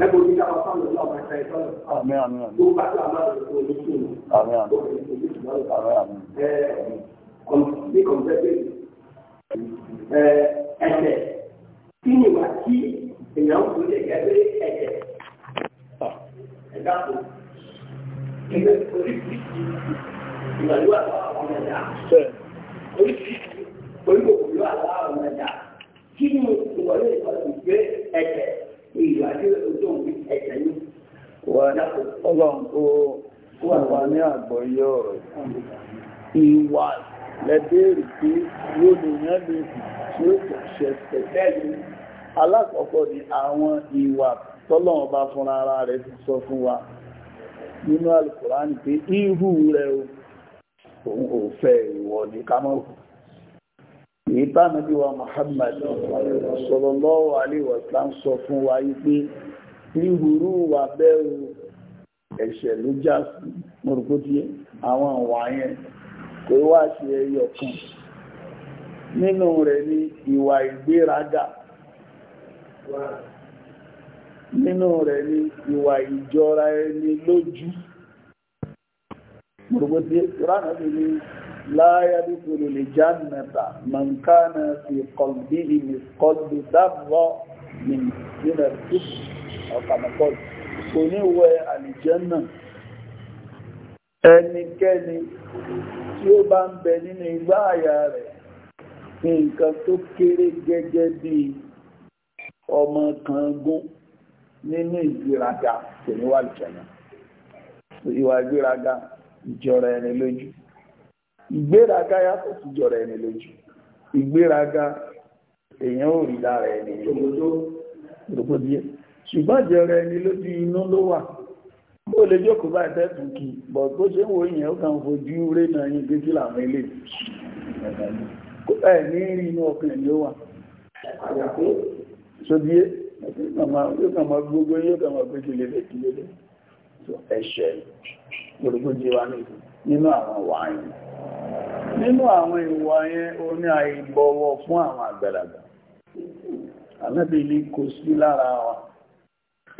Ẹgbẹ́ ẹ̀jẹ̀ kí ni wà kí èèyàn ń kúlẹ̀ gẹ́gẹ́ ẹ̀jẹ̀? Ẹ̀dá kò. Ẹgbẹ́ oríṣiríṣi ìgbàlúwà àwọn ọmọ ẹ̀dá. Oríṣiríṣi orí kòkòrò àwọn ọmọ ẹ̀dá. Kí ni ìwọlé wa ọlọ́run kó wà wá ní àgbọ́yé ọ̀rọ̀ ìwà lẹ́bẹ̀rẹ̀ pé yóò lè yán lè tí ó kò ṣẹ̀ṣẹ̀ bẹ́ẹ̀ alákọ̀ọ́kọ́ ni àwọn ìwà tọ́lọ́run bá fúnra ara rẹ̀ ti sọ fún wa nínú alùkùránì pé irú rẹ̀ òun ò fẹ́ ìwọ ní kámọ́kù Muhammad sallallahu alaihi wasallam sọ fún ríhurú wà bẹ́ẹ̀rù ẹ̀ṣẹ̀ ló já sí mọ̀rùkútí àwọn àwọ̀ yẹn kò wá sí ẹyọ kan nínú rẹ̀ ni ìwà ìgbéraga nínú rẹ̀ ni ìwà ìjọra ẹni lójú mọ̀rùkútí ránàbí ni láyá dúkùrù lè jánàtà mọ̀nkánà sí kọ̀lbí ìmìkọ́lbí dábọ̀ nínú ẹ̀kùsù ọ̀kàmọ̀kọ́lù kò ní wọ àlìjẹ́nà ẹnikẹ́ni tí ó bá ń bẹ nínú igbá àyà rẹ̀ ní nǹkan tó kéré gẹ́gẹ́ bí ọmọ kàngún nínú ìgbéraga kò ní wà àlìjẹ́nà ìwà ìgbéraga ìjọra ẹni lójú ìgbéraga yàtọ̀ sí ìjọra ẹni lójú ìgbéraga èèyàn ò rí lára ẹni lójú ṣùgbọ́n jẹrẹ ẹni lójú inú ló wà bó lè jókòó bá ìtẹ́tù kì bọ̀ tó ṣe ń wo ìyẹn ó kàn fojú rẹ̀ náà yín gẹ́gí làwọn ilé ẹ̀ ní rí inú ọkùnrin ló wà sóbíé yóò kàn mọ gbogbo yóò kàn mọ pé kí lè lè kí lè lè ẹ̀ṣẹ̀ gbogbogbò wa nínú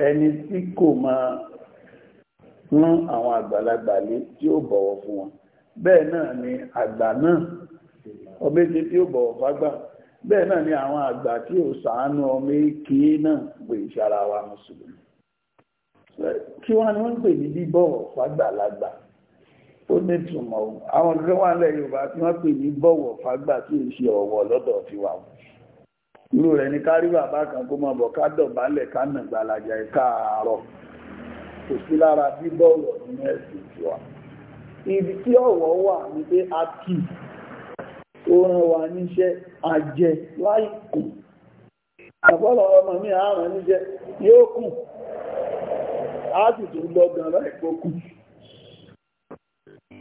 ẹni tí kò máa rán àwọn àgbàlagbà lé tí ó bọ̀wọ̀ fún wọn bẹ́ẹ̀ náà ni àgbà náà ọmọdé tí ó bọ̀wọ̀ fágbà bẹ́ẹ̀ náà ni àwọn àgbà tí ó sàánú ọmọ èké náà pè ìṣara wa mùsùlùmí kí wọ́n ni wọ́n ń pè ní bíbọ̀wọ̀ fágbàlagbà ó ní ìtumọ̀ àwọn kan wà Yorùbá tí wọ́n pè ní bọ̀wọ̀ fágbà tí ò ṣe ọ̀wọ̀ lọ́dọ̀ tiwa irú rẹ̀ ní kárí bàbá kan kó máa bọ̀ ká dọ̀bálẹ̀ ká nà gbàlàjà ẹ̀ka àárọ̀ kò sí lára ibi tí ọ̀wọ̀ wà ní pé a kì ó ràn wá níṣẹ́ ajẹ láìkù àpọ́lọ̀ ọmọ mi yóò kù a sì tún lọ gan kù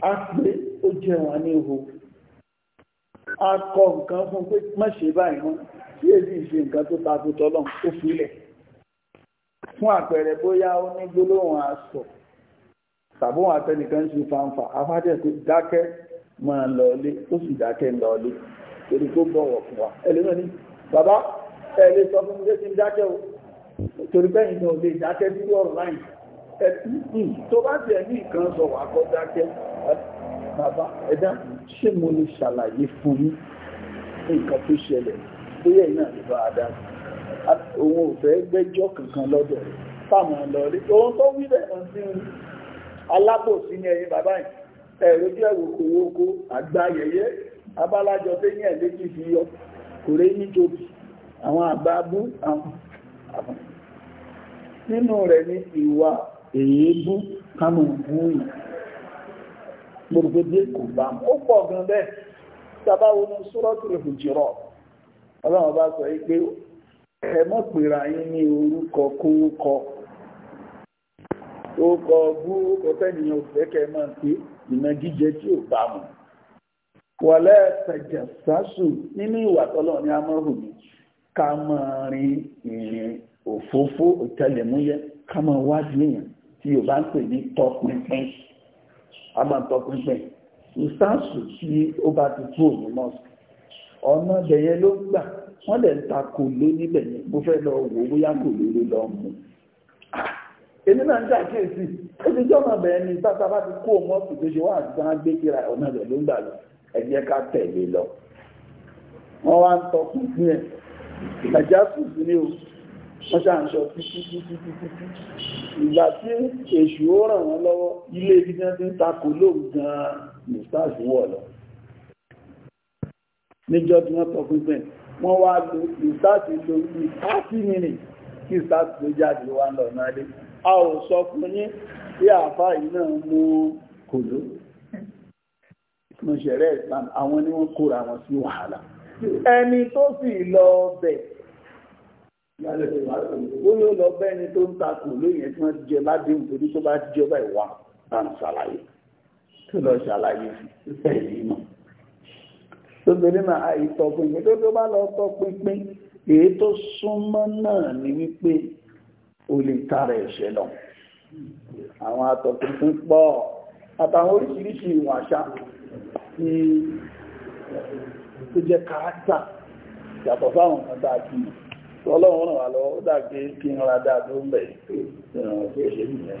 a pé ó jẹ wọn ní ihò akọ nǹkan fún pé má ṣe báyìí wọn tí èdè ìṣe nǹkan tó ta kòtọ́ lọ ó filẹ̀ fún àpẹẹrẹ bóyá ó ní gbólóhùn asọ̀ tàbóhùn àtẹnìkan ṣe fanfà afájẹ́ pé dákẹ́ máa lọlé ó sì dákẹ́ lọlé torí tó bọ̀wọ̀ fún wa ẹlẹ́mọ̀ ní bàbá ẹ̀lẹ́ sọ fún mi dákẹ́ o torí bẹ́yìn náà lè dákẹ́ dúró ọ̀rọ̀ láyìn hmm, hmm, tó bá tẹ̀ ní ìkan sọ wà kọ́ dákẹ́ bàbá ẹ̀dá ṣé mo lè ṣàlàyé fún yín nǹkan tó ṣẹlẹ̀ bóyá ìyá lè bá a dá òun ò fẹ́ gbẹ́jọ́ kankan lọ́dọ̀ rẹ̀ fáwọn ọlọ́rí òun tó wí bẹ́ẹ̀ sí alábòsí ní ẹ̀yìn bàbá yìí ẹ̀rọ jẹ́ òkòwò oko àgbáyẹyẹ abálájọ tó yẹn létí fi yọ kò rí ní tóbi àwọn àgbàbú àwọn nínú rẹ̀ ní ìwà èébú kánú búyìn gbogbogbò kò bá ó pọ̀ gan bẹ́ẹ̀ sábà wo ní suratul Hujurat ọlọ́run bá sọ pé ẹ mọ̀ pèrè àyín ní orúkọ kóókọ orúkọ bú ọ̀tẹ́nìyàn òfẹ́kẹ́ máa pé ìnà jíjẹ tí ò bá mu wọlé ẹsẹ̀jẹ̀ sásù nínú ìwà tọ́lọ̀ ní amóhùnmí ká máa rin ìrìn òfófó òtẹlẹ̀múyẹ́ ká máa wá níyàn tí Yorùbá ń pè ní tọpinpin a máa tọpinpin ìsáàsù tí ó bá ti kú òní mosque ọ̀nà bẹ̀yẹn ló gbà wọ́n lẹ̀ ń ta kò ló níbẹ̀ yẹn mo fẹ́ lọ wò bóyá kò ló ló lọ mú èmi náà ń jà kéèsì ó ti jọ́ ọ̀nà bẹ̀yẹn ní sáta bá ti kú òun mosque tó ṣe wá àti sáà gbé kíra ọ̀nà rẹ̀ ló gbà lọ ẹ jẹ́ ká tẹ̀lé lọ wọ́n wá ń tọpinpin ẹ̀ ẹ̀já sùn sí ni o wọ́n ṣàǹṣọ títí títí títí ìgbà tí èṣù ó ràn wọ́n lọ́wọ́ ilé ibi tí wọ́n ti ń takò lóòrùn gan-an ní stars wọ̀ lọ níjọ́ tí wọ́n tọpinpin wọ́n wá lo stars lo ní 30 minutes kí stars tó a ò sọ fún yín tí àfá yìí náà mú kòló mo ṣẹ̀rẹ̀ ìsàn àwọn ni wọ́n kóra wọn ẹni tó sì lọ bẹ̀ẹ́ ó yóò lọ bá ẹni tó ń takò lóyìn tí wọ́n ti jẹ bá dé nítorí tó bá ti jẹ ọba ìwà bá ń ṣàlàyé tó lọ ṣàlàyé ẹ̀rí mọ̀ tó torí mà àìtọ́ pinpin tó tó bá lọ tọ́ pinpin èyí tó súnmọ́ náà ni wípé o lè tara ẹ̀ṣẹ̀ lọ àwọn àtọ̀ pinpin pọ̀ àtàwọn oríṣiríṣi ìwà àṣà tí tó jẹ́ kárátà yàtọ̀ fáwọn kan tá a ti mọ̀ ọlọ́run ràn wá lọ ó dàgbé kí n ra dáa tó ń bẹ̀ ìrànwọ́ tó ṣe ní ìyẹn ṣe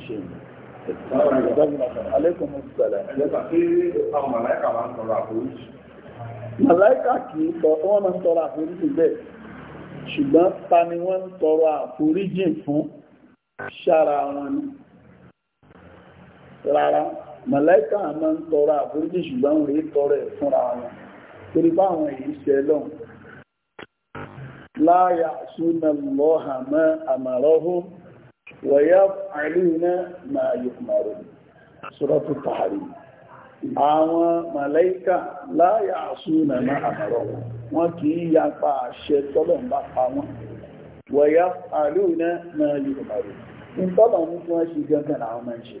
Màláíkà kì í tọ́ wọ́n máa ń tọrọ àforíjì bẹ́ẹ̀ ṣùgbọ́n ta ni wọ́n ń tọrọ àforíjì fún ṣára wọn ni. Rárá, màláíkà máa ń tọrọ àforíjì ṣùgbọ́n rí tọrọ ẹ̀ fúnra wọn. Torí báwọn èyí ṣẹlọ́run láyà súnà lọ́hà mọ́ àmàrọ́hù wọ̀yá àìlúnà máa yọ mọ̀rọ̀ sọ́rọ̀tù tààrí àwọn màláíkà láyà súnà mọ́ àmàrọ́hù wọ́n kì í yapa àṣẹ tọ́lọ̀mbà pa wọ́n wọ̀yá àìlúnà máa yọ mọ̀rọ̀ ìtọ́lọ̀ mú fún ẹṣì gangan àwọn máa ń ṣe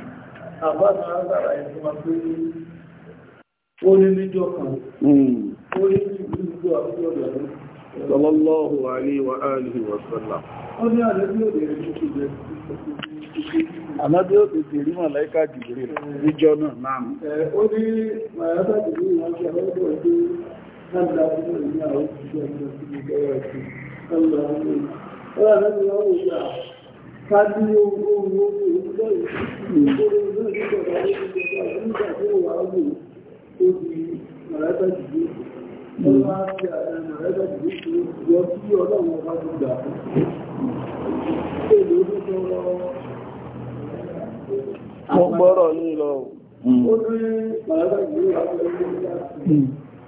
àbáta àgbàrá ẹ̀sùn máa pé ó hmm. ní níjọ kan ó ní ìgbìyànjú àbúrò rẹ̀ sallallahu alaihi wa alihi wa sallam ó ní àdébí òdè rẹ̀ tó kìí Àmọ́dé ó ti tèrí mọ̀ láíká jìbìrì níjọ náà náà mú. Ó ní Màyátà jìbìrì wọ́n ṣe àwọn ọdún ọdún náà láti mọ̀ ní àwọn òṣìṣẹ́ ìjọ sí ìgbẹ̀rẹ̀ ọ̀sìn. Ó rà lẹ́gbẹ̀rẹ̀ ọ̀rọ̀ kájú owó owó ìgbẹ́ ó ní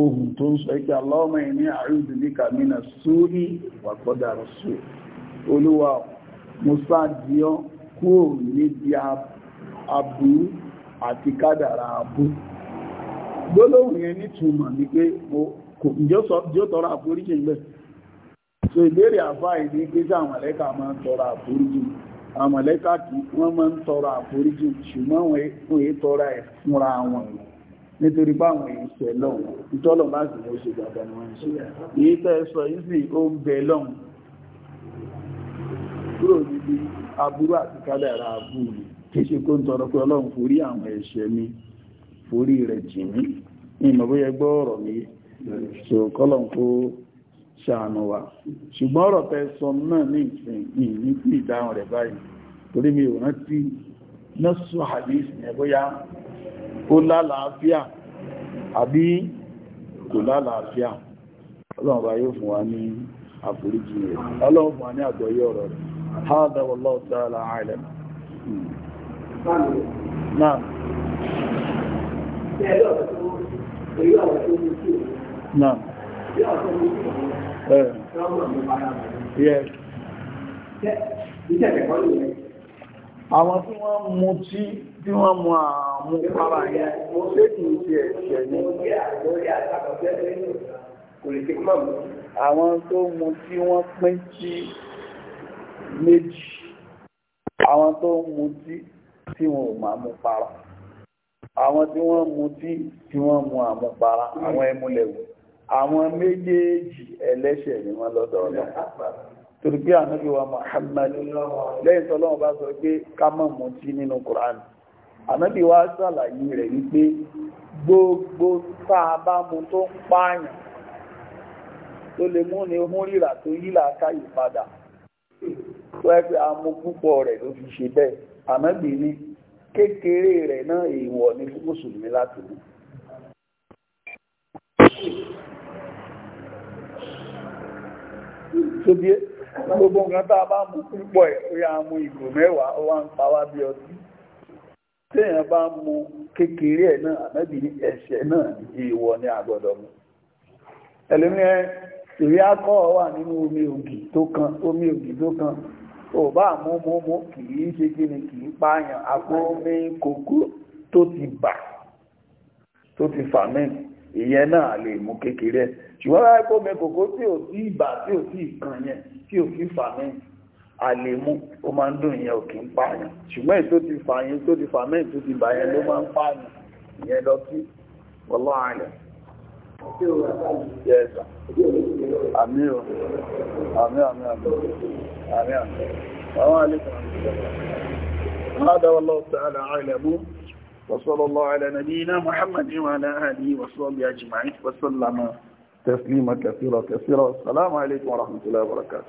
ohun tó ń sọ ikẹ́ ìní àrídù ní kàmínà sórí wàgbọ́dà rọ̀sù olúwa musa díọ́ kúrò níbi abú àti kádàrà abú gbólóhùn yẹn nítumọ̀ ní pé yóò tọrọ àforíjì ńlẹ̀ so ìbéèrè àfá ìní pé sí àwọn máa ń tọrọ àforíjì tọrọ nítorí báwọn ìṣẹ̀ lọ́hùn ìtọ́lọ̀ bá sì ló ṣe gbàgbà ni wọ́n ṣe èyí tẹ́ sọ yìí sì ó ń bẹ lọ́hùn kúrò níbi aburú àti kádàrà abú mi kì í ṣe kó ń tọrọ pé ọlọ́run forí àwọn ẹ̀ṣẹ̀ mi forí rẹ̀ jì mí ní ìmọ̀ bóyá gbọ́ ọ̀rọ̀ mi ṣò kọ́lọ̀n kó ṣàánú wa ṣùgbọ́n ọ̀rọ̀ tẹ́ sọ náà ní ìsìn ní ìdáhùn rẹ̀ báyìí torí mi ò rántí nọ́ọ̀sù àdìsì yẹn bóyá ó lálàáfíà àbí kò lálàáfíà ọlọ́run bá yóò fún wa ní àforíjì rẹ̀ ọlọ́run fún wa ní àgbọ́yé ọ̀rọ̀ rẹ̀ hádà wallahu ta'ala a'lam náà náà eh. Yes. Yes. àwọn tí wọ́n mú tí tí wọ́n mú àmú para yẹn mo ṣe kì ṣe ẹ̀ṣẹ̀ ni àwọn tó mú tí wọ́n pín sí méjì àwọn tó mú tí tí wọn ò máa mú para àwọn tí wọ́n mú tí tí wọ́n mú àmú para àwọn ẹmúlẹ̀wò àwọn méjèèjì ẹlẹ́ṣẹ̀ ni wọ́n lọ́dọ̀ torí pé ànábì wa Muhammad lẹ́yìn tọ́lọ́wọ́ bá sọ pé ká má mutí nínú Quran ànábì wa ṣàlàyé rẹ̀ wípé gbogbo tá a bá mu tó ń pààyàn tó lè mú ni ohun rírà tó yílà káyì padà tó ẹ pé amú púpọ̀ rẹ̀ ló fi ṣe bẹ́ẹ̀ ànábì ní kékeré rẹ̀ náà èèwọ̀ ní mùsùlùmí láti mú tó gbogbo nǹkan tá a bá mú púpọ̀ ẹ̀ ó yá mú ìgò mẹ́wàá ó wá ń pa wá bí ọtí téèyàn bá mu kékeré ẹ̀ náà ànábì ní ẹ̀ṣẹ̀ náà ìwọ ni àgbọ̀dọ̀ mu ẹlòmíràn ìrí akọ́ wà nínú omi ògì tó kan omi ògì tó kan ò bá mú mú mú kì í ṣe kí ni kì í pààyàn àpò omi kòkó tó ti bà tó ti fà mẹ́rin ìyẹn náà lè mú kékeré ṣùgbọ́n láì kó kòkó tí ò sí ìbà tí ò sí ìkan tí ò sí fàmí àlèmú ó máa ń dùn ìyẹn òkè ń pààyàn ṣùgbọ́n èyí tó ti fà yẹn tó ti tó ti bà yẹn ló máa ń pààyàn ìyẹn lọ sí àmì وصلى الله على نبينا محمد وعلى آله وصحبه أجمعين وسلم تسليما كثيرا كثيرا السلام عليكم ورحمة الله وبركاته